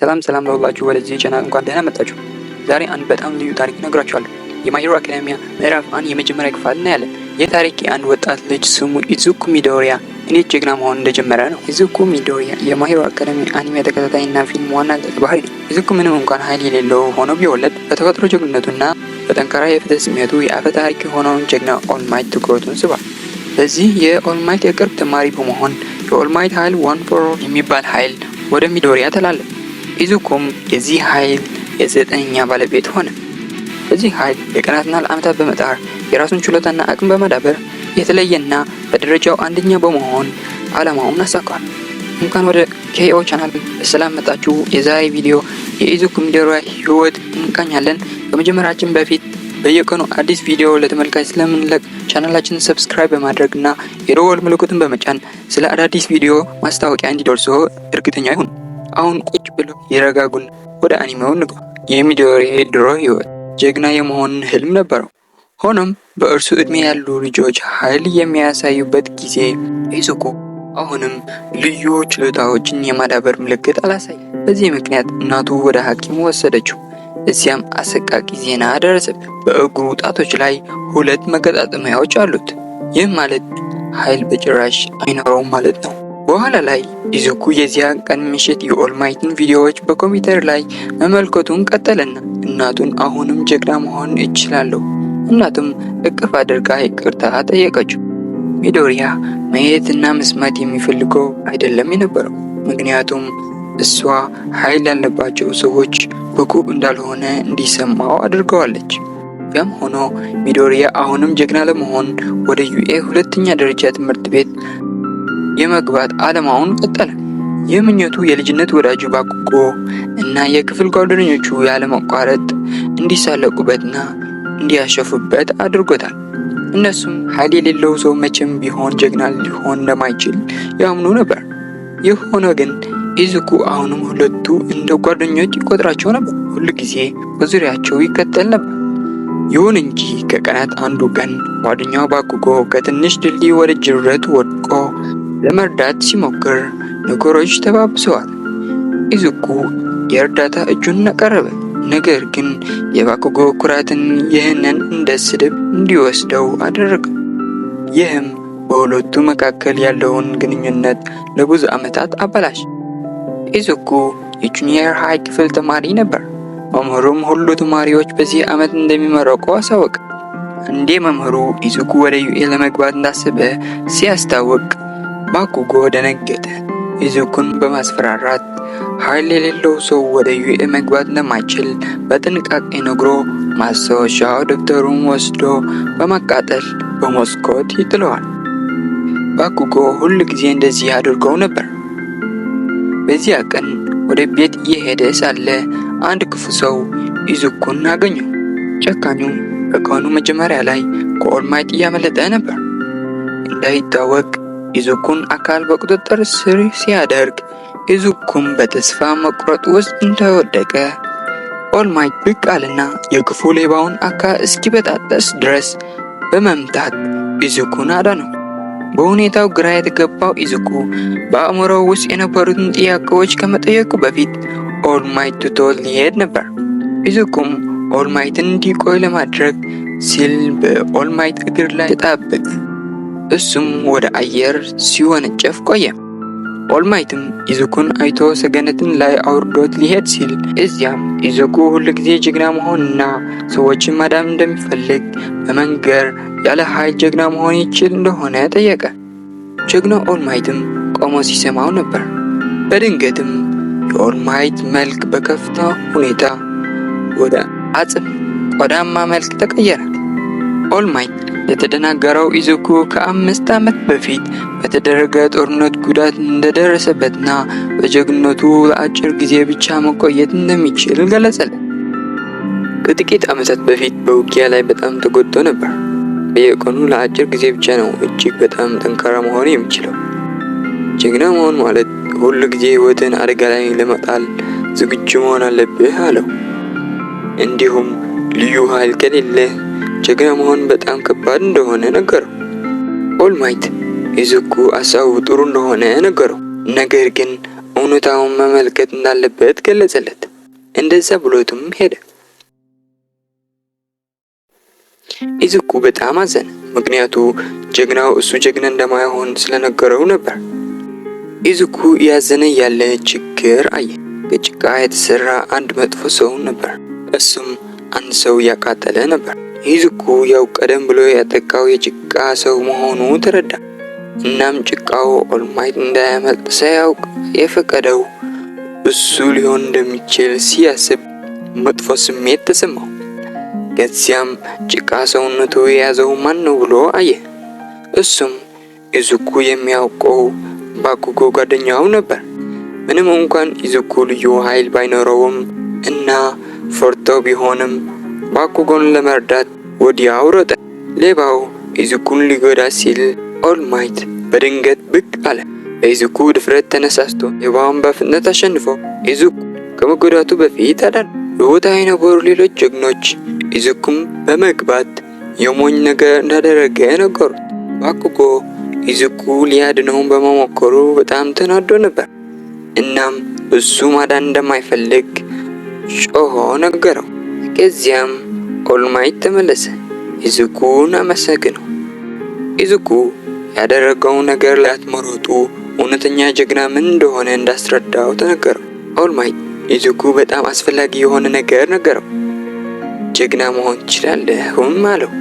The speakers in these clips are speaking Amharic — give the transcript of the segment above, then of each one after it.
ሰላም ሰላም ለሁላችሁ ወደዚህ ቻናል እንኳን ደህና መጣችሁ። ዛሬ አንድ በጣም ልዩ ታሪክ ነግራችኋለሁ። የማይሮ አካዳሚያ ምዕራፍ አንድ የመጀመሪያ ክፍል እናያለን። ይህ ታሪክ የአንድ ወጣት ልጅ ስሙ ኢዙኩ ሚዶሪያ እኔ ጀግና መሆን እንደጀመረ ነው። ኢዙኩ ሚዶሪያ የማይሮ አካዳሚ አኒሜ ተከታታይና ፊልም ዋና ገጸ ባህሪ ነው። ኢዙኩ ምንም እንኳን ኃይል የሌለው ሆኖ ቢወለድ በተፈጥሮ ጀግንነቱና በጠንካራ የፍትህ ስሜቱ የአፈ ታሪክ የሆነውን ጀግና ኦልማይት ትኩረቱን ስቧል። በዚህ የኦልማይት የቅርብ ተማሪ በመሆን የኦልማይት ኃይል ዋን ፎር የሚባል ኃይል ወደ ሚዶሪያ ተላለፈ። ኢዙኩም የዚህ ኃይል የዘጠነኛ ባለቤት ሆነ። በዚህ ኃይል ለቀናትና ለዓመታት በመጣር የራሱን ችሎታና አቅም በማዳበር የተለየና በደረጃው አንደኛ በመሆን ዓላማውን አሳካል። እንኳን ወደ ኬኦ ቻናል በሰላም መጣችሁ። የዛሬ ቪዲዮ የኢዙኩ ሚደራዊ ህይወት እንቃኛለን። ከመጀመራችን በፊት በየቀኑ አዲስ ቪዲዮ ለተመልካች ስለምንለቅ ቻናላችንን ሰብስክራይብ በማድረግና የደወል ምልክቱን በመጫን ስለ አዳዲስ ቪዲዮ ማስታወቂያ እንዲደርሶ እርግጠኛ ይሁን። አሁን ቁጭ ብለው ይረጋጉና ወደ አኒሜው ንግባ። የሚዶሪ ድሮ ህይወት ጀግና የመሆንን ህልም ነበረው። ሆኖም በእርሱ እድሜ ያሉ ልጆች ኃይል የሚያሳዩበት ጊዜ ኢዙኩ አሁንም ልዩ ችሎታዎችን የማዳበር ምልክት አላሳይ። በዚህ ምክንያት እናቱ ወደ ሐኪም ወሰደችው። እዚያም አሰቃቂ ዜና ደረሰብ። በእግሩ ጣቶች ላይ ሁለት መገጣጠሚያዎች አሉት። ይህም ማለት ኃይል በጭራሽ አይኖረውም ማለት ነው። በኋላ ላይ ኢዙኩ የዚያን ቀን ምሽት የኦልማይትን ቪዲዮዎች በኮምፒውተር ላይ መመልከቱን ቀጠለና እናቱን አሁንም ጀግና መሆን እችላለሁ። እናቱም እቅፍ አድርጋ ይቅርታ ጠየቀችው። ሚዶሪያ ማየትና መስማት የሚፈልገው አይደለም የነበረው ምክንያቱም እሷ ኃይል ያለባቸው ሰዎች ብቁ እንዳልሆነ እንዲሰማው አድርገዋለች። ያም ሆኖ ሚዶሪያ አሁንም ጀግና ለመሆን ወደ ዩኤ ሁለተኛ ደረጃ ትምህርት ቤት የመግባት አለማውን ቀጠለ። የምኞቱ የልጅነት ወዳጁ ባቁቆ እና የክፍል ጓደኞቹ ያለመቋረጥ እንዲሳለቁበትና እንዲያሸፉበት አድርጎታል። እነሱም ኃይል የሌለው ሰው መቼም ቢሆን ጀግና ሊሆን እንደማይችል ያምኑ ነበር። የሆነ ግን ኢዙኩ አሁንም ሁለቱ እንደ ጓደኞች ይቆጥራቸው ነበር። ሁሉ ጊዜ በዙሪያቸው ይከተል ነበር። ይሁን እንጂ ከቀናት አንዱ ቀን ጓደኛው ባኩጎ ከትንሽ ድልድይ ወደ ጅረት ወድቆ ለመርዳት ሲሞክር ነገሮች ተባብሰዋል። ኢዙኩ የእርዳታ እጁን አቀረበ። ነገር ግን የባኩጎ ኩራትን ይህንን እንደ ስድብ እንዲወስደው አደረገ። ይህም በሁለቱ መካከል ያለውን ግንኙነት ለብዙ ዓመታት አበላሽ። ኢዙኩ የጁኒየር ሃይ ክፍል ተማሪ ነበር። መምህሩም ሁሉ ተማሪዎች በዚህ ዓመት እንደሚመረቁ አሳወቀ። እንዴ መምህሩ ኢዙኩ ወደ ዩኤ ለመግባት እንዳስበ ሲያስታውቅ ማጎጎ ደነገጠ። ኢዙኩን በማስፈራራት ኃይል የሌለው ሰው ወደ ዩኤ መግባት እንደማይችል በጥንቃቄ ነግሮ ማስታወሻ ደብተሩን ወስዶ በማቃጠል በመስኮት ይጥለዋል። ባኩጎ ሁል ጊዜ እንደዚህ አድርገው ነበር። በዚያ ቀን ወደ ቤት እየሄደ ሳለ አንድ ክፉ ሰው ኢዙኩን አገኘው። ጨካኙም በቀኑ መጀመሪያ ላይ ከኦልማይት እያመለጠ ነበር። እንዳይታወቅ ኢዙኩን አካል በቁጥጥር ስር ሲያደርግ ኢዙኩም በተስፋ መቁረጥ ውስጥ እንደወደቀ ኦልማይት ብቅ አለና የክፉ ሌባውን አካል እስኪበጣጠስ ድረስ በመምታት ኢዙኩን አዳነው። በሁኔታው ግራ የተገባው ኢዙኩ በአእምሮው ውስጥ የነበሩትን ጥያቄዎች ከመጠየቁ በፊት ኦልማይት ትቶት ሊሄድ ነበር። ኢዙኩም ኦልማይትን እንዲቆይ ለማድረግ ሲል በኦልማይት እግር ላይ ተጣበቀ። እሱም ወደ አየር ሲወነጨፍ ቆየ። ኦልማይትም ኢዞኩን አይቶ ሰገነትን ላይ አውርዶት ሊሄድ ሲል እዚያም ኢዞኩ ጊዜ ጀግና መሆንና ሰዎችን ማዳም እንደሚፈልግ በመንገር ያለ ኃይል ጀግና መሆን ይችል እንደሆነ ጠየቀ። ጀግና ኦልማይትም ቆሞ ሲሰማው ነበር። በድንገትም የኦልማይት መልክ በከፍታ ሁኔታ ወደ አጽም ቆዳማ መልክ ተቀየረ። ኦልማይት የተደናገረው ኢዙኩ ከአምስት ዓመት በፊት በተደረገ ጦርነት ጉዳት እንደደረሰበትና በጀግንነቱ ለአጭር ጊዜ ብቻ መቆየት እንደሚችል ገለጸለት። ከጥቂት ዓመታት በፊት በውጊያ ላይ በጣም ተጎድቶ ነበር። በየቀኑ ለአጭር ጊዜ ብቻ ነው እጅግ በጣም ጠንካራ መሆን የሚችለው። ጀግና መሆን ማለት ሁሉ ጊዜ ህይወትን አደጋ ላይ ለመጣል ዝግጁ መሆን አለብህ አለው። እንዲሁም ልዩ ኃይል ከሌለ ጀግና መሆን በጣም ከባድ እንደሆነ ነገረው። ኦልማይት የዘኩ አሳቡ ጥሩ እንደሆነ ነገረው፣ ነገር ግን እውነታውን መመልከት እንዳለበት ገለጸለት። እንደዛ ብሎትም ሄደ። ኢዝኩ በጣም አዘነ፣ ምክንያቱ ጀግናው እሱ ጀግና እንደማይሆን ስለነገረው ነበር። ኢዝኩ ያዘነ ያለ ችግር አየ። ከጭቃ የተሰራ አንድ መጥፎ ሰው ነበር። እሱም አንድ ሰው እያቃጠለ ነበር። ይዝኩ ያው ቀደም ብሎ ያጠቃው የጭቃ ሰው መሆኑ ተረዳ። እናም ጭቃው ኦልማይት እንዳያመልጥ ሳያውቅ የፈቀደው እሱ ሊሆን እንደሚችል ሲያስብ መጥፎ ስሜት ተሰማው። ከዚያም ጭቃ ሰውነቱ የያዘው ማን ነው ብሎ አየ። እሱም ኢዙኩ የሚያውቀው ባኩጎ ጓደኛው ነበር። ምንም እንኳን ኢዙኩ ልዩ ኃይል ባይኖረውም እና ፈርቶ ቢሆንም ባኩጎን ለመርዳት ወዲያው ሮጠ። ሌባው ኢዝኩን ሊጎዳ ሲል ኦልማይት በድንገት ብቅ አለ። በኢዙኩ ድፍረት ተነሳስቶ ሌባውን በፍጥነት አሸንፎ ኢዝኩ ከመጎዳቱ በፊት አዳነ። በቦታ የነበሩ ሌሎች ጀግኖች ኢዙኩም በመግባት የሞኝ ነገር እንዳደረገ ነገሩት። ባኩጎ ኢዝኩ ሊያድነውን በመሞከሩ በጣም ተናዶ ነበር። እናም እሱ ማዳን እንደማይፈልግ ጮሆ ነገረው። እዚያም ኦልማይት ተመለሰ። ኢዙኩን አመሰግነው። ኢዙኩ ያደረገው ነገር ላትመረጡ እውነተኛ ጀግና ምን እንደሆነ እንዳስረዳው ተነገረው። ኦልማይት ኢዙኩ በጣም አስፈላጊ የሆነ ነገር ነገረው። ጀግና መሆን ትችላለህም አለው።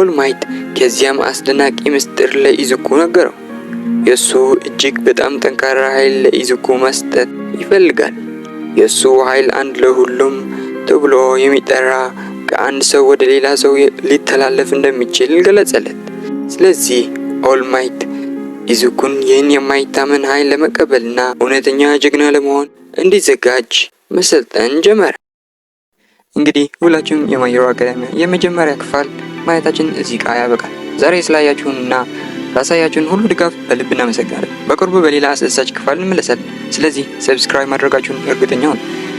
ኦልማይት ከዚያም አስደናቂ ምስጢር ለኢዙኩ ነገረው። የእሱ እጅግ በጣም ጠንካራ ኃይል ለኢዙኩ መስጠት ይፈልጋል። የእሱ ኃይል አንድ ለሁሉም ተብሎ የሚጠራ ከአንድ ሰው ወደ ሌላ ሰው ሊተላለፍ እንደሚችል ገለጸለት። ስለዚህ ኦልማይት ኢዙኩን ይህን የማይታመን ኃይል ለመቀበልና እውነተኛ ጀግና ለመሆን እንዲዘጋጅ መሰልጠን ጀመረ። እንግዲህ ሁላችሁም የማየሩ አካዳሚያ የመጀመሪያ ክፍል ማየታችን እዚህ ቃ ያበቃል። ዛሬ ስላያችሁንና ላሳያችሁን ሁሉ ድጋፍ በልብ እናመሰግናለን። በቅርቡ በሌላ አስደሳች ክፍል እንመለሳለን። ስለዚህ ሰብስክራይብ ማድረጋችሁን እርግጠኛ ሁኑ።